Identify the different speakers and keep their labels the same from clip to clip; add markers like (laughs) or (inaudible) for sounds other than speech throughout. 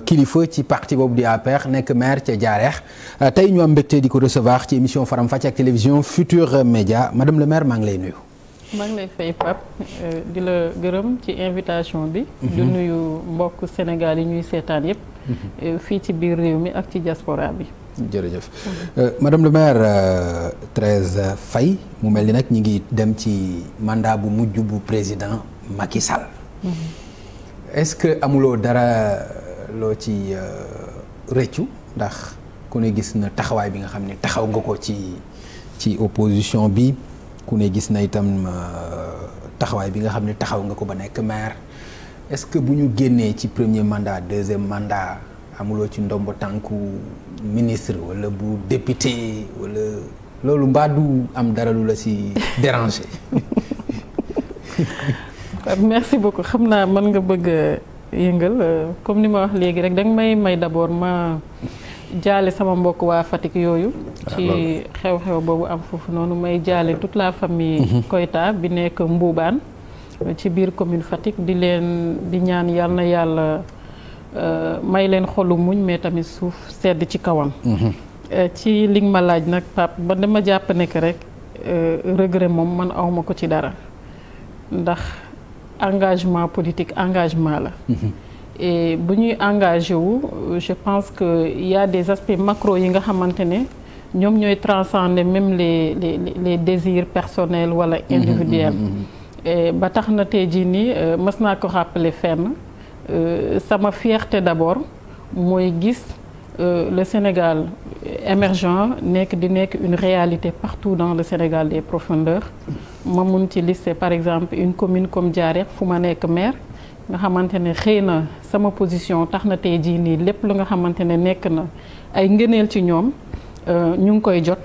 Speaker 1: kilifa ci parti boobu di APR nekk maire ca Diarekh euh, tey ñu am mbégte di ko recevoir ci émission Faram Facce ak télévision Futur Média madame le maire maa ngi nuyu.
Speaker 2: maa ngi lay euh, di la gërëm ci invitation bi. Mhm. di nuyu mbokk Sénégal yi ñuy seetaan yépp. Mhm. Euh, fii ci biir réew mi ak ci diaspora bi.
Speaker 1: jërëjëf mhm. madame le maire euh, mu mel ni nag ñi ngi dem ci mandat bu mujj bu président Macky Sall. amuloo dara. loo ci euh, rëccu ndax ku ne gis na taxawaay bi nga xam ne taxaw nga ko ci ci opposition bi ku ne gis na itam euh, taxawaay bi nga xam ne taxaw nga ko ba nekk maire est-ce que bu ñu génnee ci premier mandat deuxième mandat amuloo ci ndomb tànku ministre walla bu député walla loolu mbaa du am dara lu la ci (laughs) déranger. (laughs)
Speaker 2: merci beaucoup xam naa mën nga bëgg. Euh, yëngal euh, comme ni ma wax léegi rek danga may may d'abord ma jaale sama mbokk waa Fatick yooyu ah, ci xew-xew boobu am foofu noonu may jaale toute la famille mhm. Koyta bi nekk Mbuubaan ci biir commune Fatick di leen di ñaan yàlla na yàlla euh, may leen xolu muñ mais tamit suuf sedd ci kawam mhm. euh, ci li nga ma laaj nag Pape ba dama jàpp nekk rek regret moom man awma ko ci dara ndax engagement politique engagement la. e bu ñuy engagé wu je pense que y des aspects macro yi nga xamante ne ñoom ñooy transcender même les les les désirs personnels wala mhm, individuels. Mhm, ba tax na te jii nii euh, mës naa ko rappeler fenn euh, sama fierté d'abord mooy gis euh, le Sénégal émergent nekk di nekk une réalité partout dans le Sénégal des profondeurs. ma mun ci lister par exemple une commune comme Diarek fu ma nekk maire nga xamante ne xëy na sama position tax na tey jii nii lépp lu nga xamante ne nekk na ay ngëneel ci ñoom euh, ñu ngi koy jot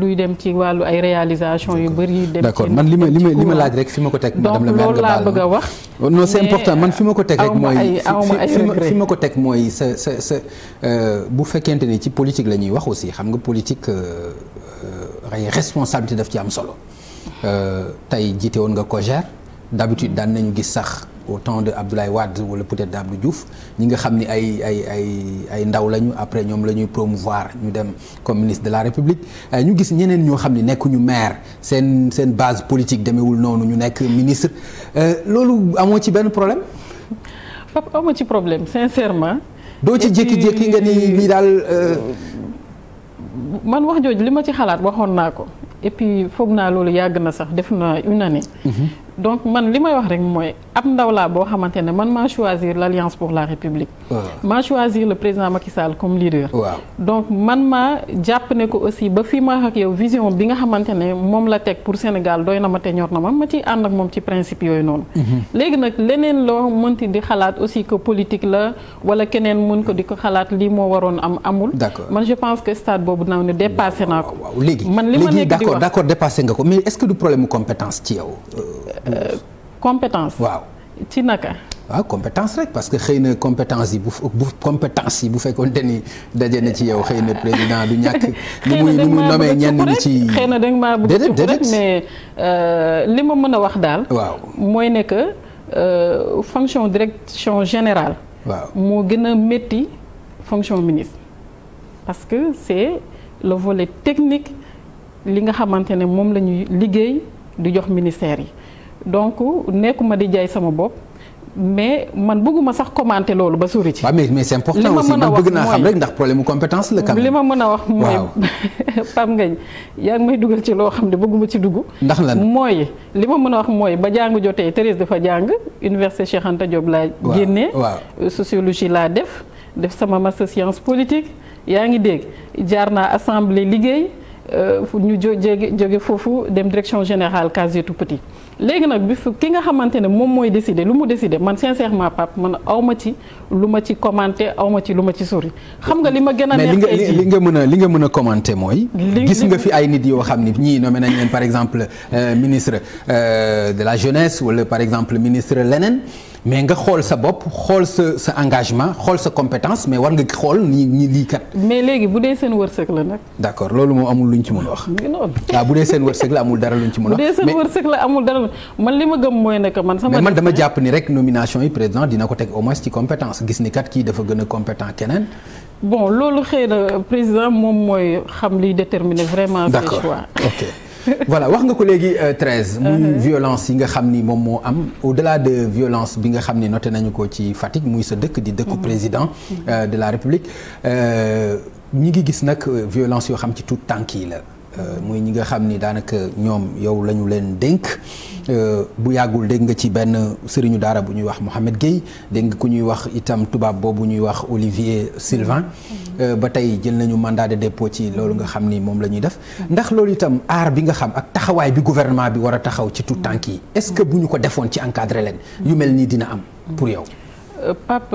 Speaker 2: luy dem ci wàllu ay réalisation yu bëri. dem d'accord man
Speaker 1: li ma li ma li ma laaj rek fi ma ko teg. madame la maire laa bëgg a wax. non c'est important man fi ma ko teg rek. mooy fi ma ko teg mooy sa sa sa euh, bu fekkente ni ci politique la ñuy wax aussi xam nga politique euh, ay responsabilité daf ci am solo. Euh, tey jiite woon nga COJER d'habitude daan nañu gis sax au temps de Abdoulaye Wade wala peut-être d'Abdou ñi nga xam ni ay ay ay ndaw lañu après ñoom la ñuy promouvoir ñu dem comme ministre de la République euh, ñu gis ñeneen ñoo xam ni nekkuñu maire seen seen base politique demewul noonu ñu nekk ministre euh, loolu amoo ci benn problème. papa amoo ci problème sincèrement. doo ci jékki-jékki nga ni mii daal. man wax
Speaker 2: jooju li ma ci xalaat waxoon naa ko et foog naa loolu yàgg na sax def na une donc man li may wax rek mooy ab ndaw laa boo xamante ne man maa choisir l' alliance pour la république. Ah. maa choisir le président Macky Sall comme leader. waaw donc man maa jàpp ne ko aussi ba fii ma ak yow vision bi nga xamante ne moom la teg pour Sénégal doy na ma te ñor na ma ma ci ànd ak moom ci principe yooyu noonu. Mhm. léegi nag leneen loo mënti di xalaat aussi que politique la wala keneen mën ko di ko xalaat lii moo waroon am amul. man je pense que stade boobu naaw ne dépassé naa ko.
Speaker 1: man li ma nekk di wax léegi nga ko mais que du problème compétence ci yow. Euh, Euh, compétence waaw ci naka. waaw compétence rek parce que xëy na compétence yi bu bu yi bu fekkoon te ni daje na ci yow xëy na président du ñàkk. (laughs) xëy na dañ maa bëgg a ñenn ci xëy na
Speaker 2: dañ maa bëgg a rek mais euh, li ma mën a wax daal. waaw mooy ne que euh, fonction direction général waaw moo gën a métti fonction ministre. parce que c'est le volet technique li nga xamante ne moom la ñuy liggéey di jox ministère yi. donc nekkuma di jaay sama bopp mais man bëgguma sax commenter loolu ba sori ci.
Speaker 1: waaw mais mais c'est important aussi bëgg naa xam rek ndax problème mu li ma mën a wax mooy
Speaker 2: (laughs) Pape Ngagne yaa ngi may dugal ci loo xam ne bëgguma ci dugg. ndax lan mooy li ma mën a wax mooy ba jàng jotee Thérèse dafa jàng université Cheikh Anta Diop laa. génnee sociologie laa def def sama master science politique yaa ngi dégg jaar naa assemblée liggéey. Euh, fu ñu jóge jóge foofu dem direction général casier tout petit léegi nag bi fu ki nga xamante ne moom mooy décider lu mu décider man sincèrement Pape man aw ma ci lu ma ci commenter aw ma ci lu ma ci sori. xam nga li ma gën a neex mais li nga
Speaker 1: mën a li nga mën a commenter mooy. gis nga fi ay nit yoo xam ni ñii nommé nañ leen par exemple euh, ministre euh, de la jeunesse wala par exemple ministre leneen. mais nga xool sa bopp xool sa sa engagement xool sa compétence mais war nga xool nii ñi lii kat. mais léegi bu dee seen wërsëg la nag. d' accord loolu moom amul ñu ci mën a wax. waaw bu dee seen wërsëg la amul dara luñ ci mën a wax. bu dee seen wërsëg la amul dara man
Speaker 2: li ma gëm mooy ne man. sama mais man dama
Speaker 1: jàpp ni rek nomination yi président dina ko teg au moins ci compétence gis ni kat kii dafa gën a compétent keneen.
Speaker 2: bon loolu xëy na président moom mooy xam liy déterminer vraiment. ses choix
Speaker 1: voilà wax nga ko léegi 13. Euh, muy uh-huh. violence yi nga xam ni moom moo am au-delà de violence bi nga xam ni note nañu ko ci Fatick muy sa dëkk di dëkku uh-huh. président uh-huh. Euh, de la République euh, ñi ngi gis nag violence yoo xam ci tout tànk yi la. Euh, muy ñi nga xam ni daanaka ñoom yow la ñu leen dénk euh, bu yàggul dégg nga ci benn sëriñu daara bu ñuy wax Mohamed Gueye dégg nga ku ñuy wax itam tubaab boobu ñuy wax Olivier Sylvain mm-hmm. euh, ba tey jël nañu mandat de dépôt ci loolu nga xam ni moom la ñuy def ndax loolu itam aar bi nga xam ak taxawaay bi gouvernement bi war a taxaw ci tout tànk yi est-ce que bu ñu ko defoon ci encadré leen yu mel nii dina am pour yow
Speaker 2: Pape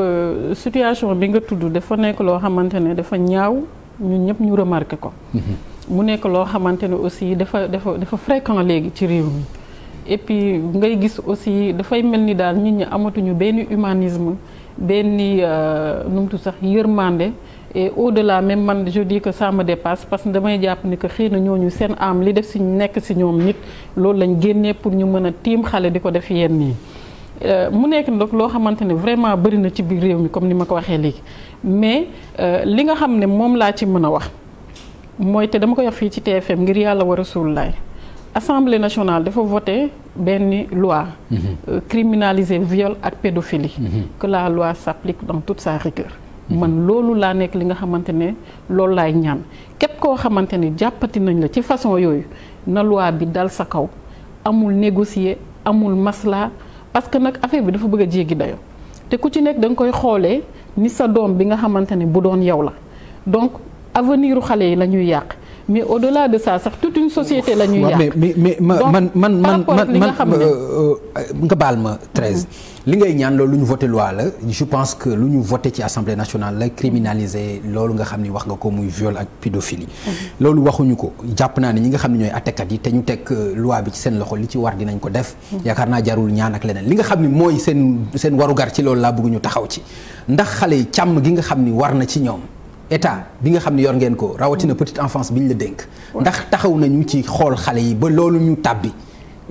Speaker 2: situation bi nga tudd dafa nekk loo xamante ne dafa ñaaw ñëpp ñu ko mm-hmm. mu nekk loo xamante ne aussi dafa dafa dafa fréquent léegi ci réew mi et puis ngay gis aussi dafay mel ni daal nit ñi amatuñu benn humanisme benn euh, nu mu tudd sax yërmande et au la même man je que ça me parce que damay jàpp ni que xëy na ñooñu seen am li def si nekk si ñoom nit loolu lañ génnee pour ñu mën a tiim xale di ko def yenn yi. Euh, mu nekk nag loo xamante ne vraiment bëri na ci biir réew mi comme ni ma ko waxee léegi mais euh, li nga xam ne moom laa ci mën a wax. mooy te dama koy wax fii ci TFM ngir yàlla war a suulaay assemblée nationale dafa voté benn loi. Mm -hmm. criminaliser viol ak pédophilie. Mm -hmm. que la loi s'applique dans toute sa rigueur. man loolu laa nekk li nga xamante ne loolu laay ñaan képp koo xamante ne jàppati nañ la ci façon yooyu na loi bi dal sa kaw amul négocier amul masla parce que nag affaire bi dafa bëgg a jéggi dayo te ku ci nekk da nga koy xoolee ni sa doom bi nga xamante ne bu doon yow la avenir xale yi la ñuy yàq mais au delà de ça sax toute une société la ñuy yàq. mais mais
Speaker 1: mais man man man man euh, euh, nga baal ma 13. Mhm. li ngay ñaan loolu lu ñu voté loi la je pense que lu ñu voté ci assemblée nationale la criminaliser loolu nga xam ni wax nga ko muy viol ak pédophilie. Mhm. loolu waxuñu ko jàpp naa ne ñi nga xam ne ñooy attekat yi te ñu teg euh, loi bi ci seen loxo li ci war dinañ ko def. Mhm. yaakaar naa jarul ñaan ak leneen li nga xam ni mooy seen seen warugar ci loolu laa bëgg taxaw ci ndax xale yi càmm gi nga xam ni war na ci ñoom. état bi nga xam ne yor ngeen ko rawatina petite enfance bi ñu la dénk. ndax taxaw nañu ci xool xale yi ba loolu ñu tàbbi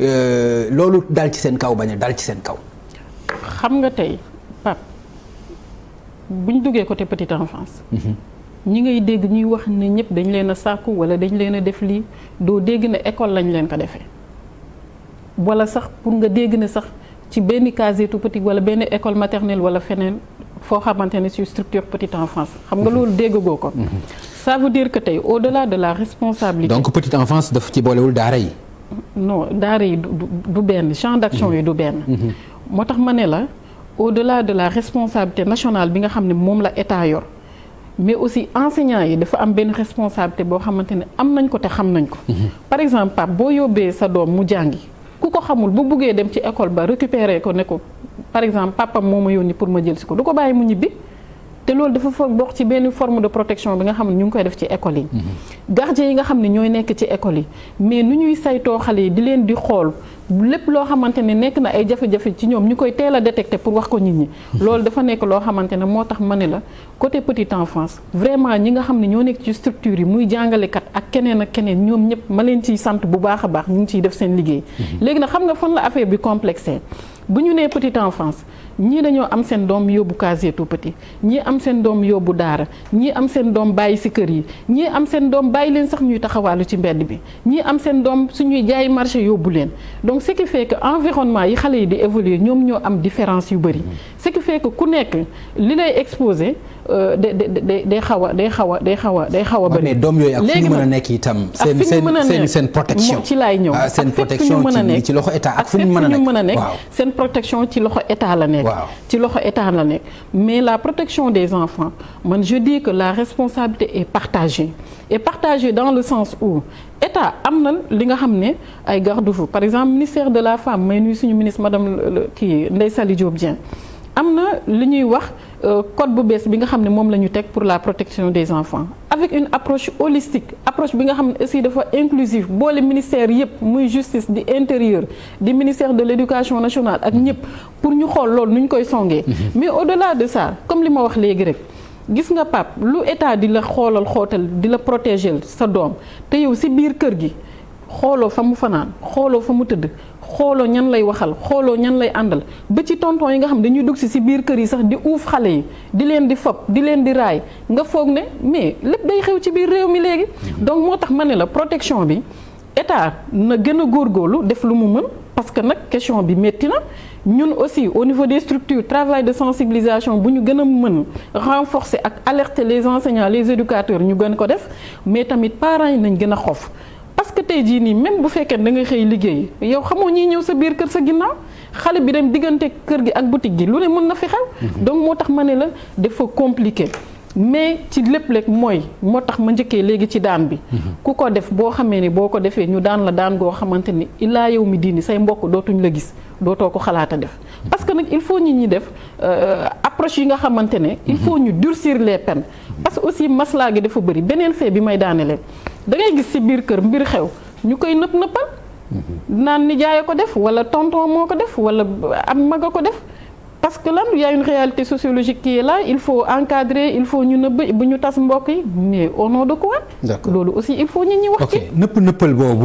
Speaker 1: euh, loolu dal ci seen kaw bañ a dal ci seen kaw.
Speaker 2: xam nga tey Pape bu ñu duggee côté petite enfance. Mhm. ñi ngay dégg ñuy wax ne ñëpp dañ leen a sàkku wala dañ leen a def lii doo dégg ne école lañ leen ko defee wala sax pour nga dégg ne sax ci benn casetu petit wala benn école maternelle wala feneen foo xamante ne ci structure petite enfance xam nga loolu déggagoo ko. ça veut dire que tey au-delà de la responsabilité.
Speaker 1: donc petite enfance daf ci boolewul daara yi.
Speaker 2: non daara yi du benn champ d'action yi du benn. Mhm. moo tax ma ne la au-delà de la responsabilité nationale bi nga xam ne moom la état yor. mais aussi enseignants yi dafa am benn responsabilité boo xamante ne am nañ ko te xam nañ ko. Mhm. par exemple Pape boo yóbbee sa doom mu jàngi ku ko xamul bu buggee dem ci école ba récupérer ko ne ko par exemple papam moo ma yónni pour ma jël ko du ko bàyyi mu ñibbi te loolu dafa fa bokk ci benn forme de protection bi nga xam ne ñu ngi koy def ci école yi. Mm-hmm. gardien yi nga xam ne ñooy nekk ci école yi mais nu ñuy saytoo xale yi di leen di xool lépp loo xamante ne nekk na ay jafe ci ñoom ñu koy teel a détecté pour wax ko nit ñi. Mm-hmm. loolu dafa nekk loo xamante ne moo tax ma ne la côté petite enfance vraiment ñi nga xam ne ñoo nekk ci structure yi muy jàngalekat ak keneen ak keneen ñoom ñëpp ma leen ciy sant bu baax a baax ñu ngi ciy def seen liggéey. Mm-hmm. léegi nag xam nga fon la affaire bi complexé. bu ñu nee petite enfance ñii dañoo am seen doom yóbbu casier tout petit ñii am seen doom yóbbu daara ñii am seen doom bàyyi si kër yi ñii am seen doom bàyyi leen sax ñuy taxawaalu ci mbedd bi ñi am seen doom suñuy jaay marché yóbbu leen donc ce qui fait que environnement yi xale yi di évoluer ñoom ñoo am différence yu bari ce qui fait ku nekk li lay exposé Euh, day day day xaw a day xaw a day xaw a day xaw a bëri. doom yooyu ak fu ñu mën a
Speaker 1: nekk itam. seen seen seen protection ci laay ñëw. Ah, seen protection ci loxo état ak fu ñu mën a nekk
Speaker 2: seen protection ci loxo état la nekk. ci loxo état la nekk mais la protection des enfants man je dis que la responsabilité est partagée et partagée dans le sens où. état am na li nga xam ne ay garde-fous par exemple ministère de la femme may nuyu suñu ministre madame kii Ndeye Saly Diop Dieng am na lu ñuy wax euh, code bu bees bi nga xam ne moom la ñu teg pour la protection des enfants avec une approche holistique approche bi nga xam ne aussi dafa inclusive boole ministère yëpp muy justice di intérieur di ministère de l' éducation nationale ak ñëpp pour ñu xool loolu nu ñu koy songee. Mhm. mais au delà de ça comme li ma wax léegi rek. gis nga pap lu état di la xoolal xootal di la protéger sa doom te yow si biir kër gi. xooloo fa mu fanaan xooloo fa mu tëdd xooloo ñan lay waxal xooloo ñan lay àndal ba ci tonton yi nga xam dañuy dugg si si biir kër yi sax di uuf xale yi di leen di fob di leen di raay nga foog ne mais lépp day xew ci biir réew mi léegi. Mhm. donc moo tax ma ne la protection bi état na gën a góor góorgóorlu def lu mu mën parce que nag question bi métti na. ñun aussi au niveau des structures travail de sensibilisation bu ñu gën a mën renforcer ak alerter les enseignants les éducateurs ñu gën ko def mais tamit parents yi nañ gën a xof. parce que tey jii nii même bu fekkee da nga xëy liggéey yow xamoo ñiy ñëw sa biir kër sa ginnaaw xale bi dem diggante kër gi ak boutique gi lu ne mën na fi xew mhm. donc moo tax ma ne la dafa compliqué mais ci lépp lépp mooy moo tax ma njëkkee léegi ci daan bi mhm. ku ko def boo xamee ne boo ko defee ñu daan la daan goo xamante ni illaa yow mi diini say mbokk dootuñ la gis dootoo ko xalaat a def mhm. parce que nag il faut nit ñi def euh, approche yi nga xamante ne il faut ñu durcir les parce que aussi maslaa gi dafa bëri beneen fee bi may daane leen da ngay gis ci biir kër mbir xew ñu koy nëpp nëppal naan nijaay ko def wala tonton moo ko def wala am mag a ko def parce que lan y a réalité sociologique qui la là il faut encadrer il faut ñu nëbb bu ñu tas mbokk yi mais au nom de quoi. loolu aussi il faut ñu ñi wax ci
Speaker 1: nëpp nëppal boobu.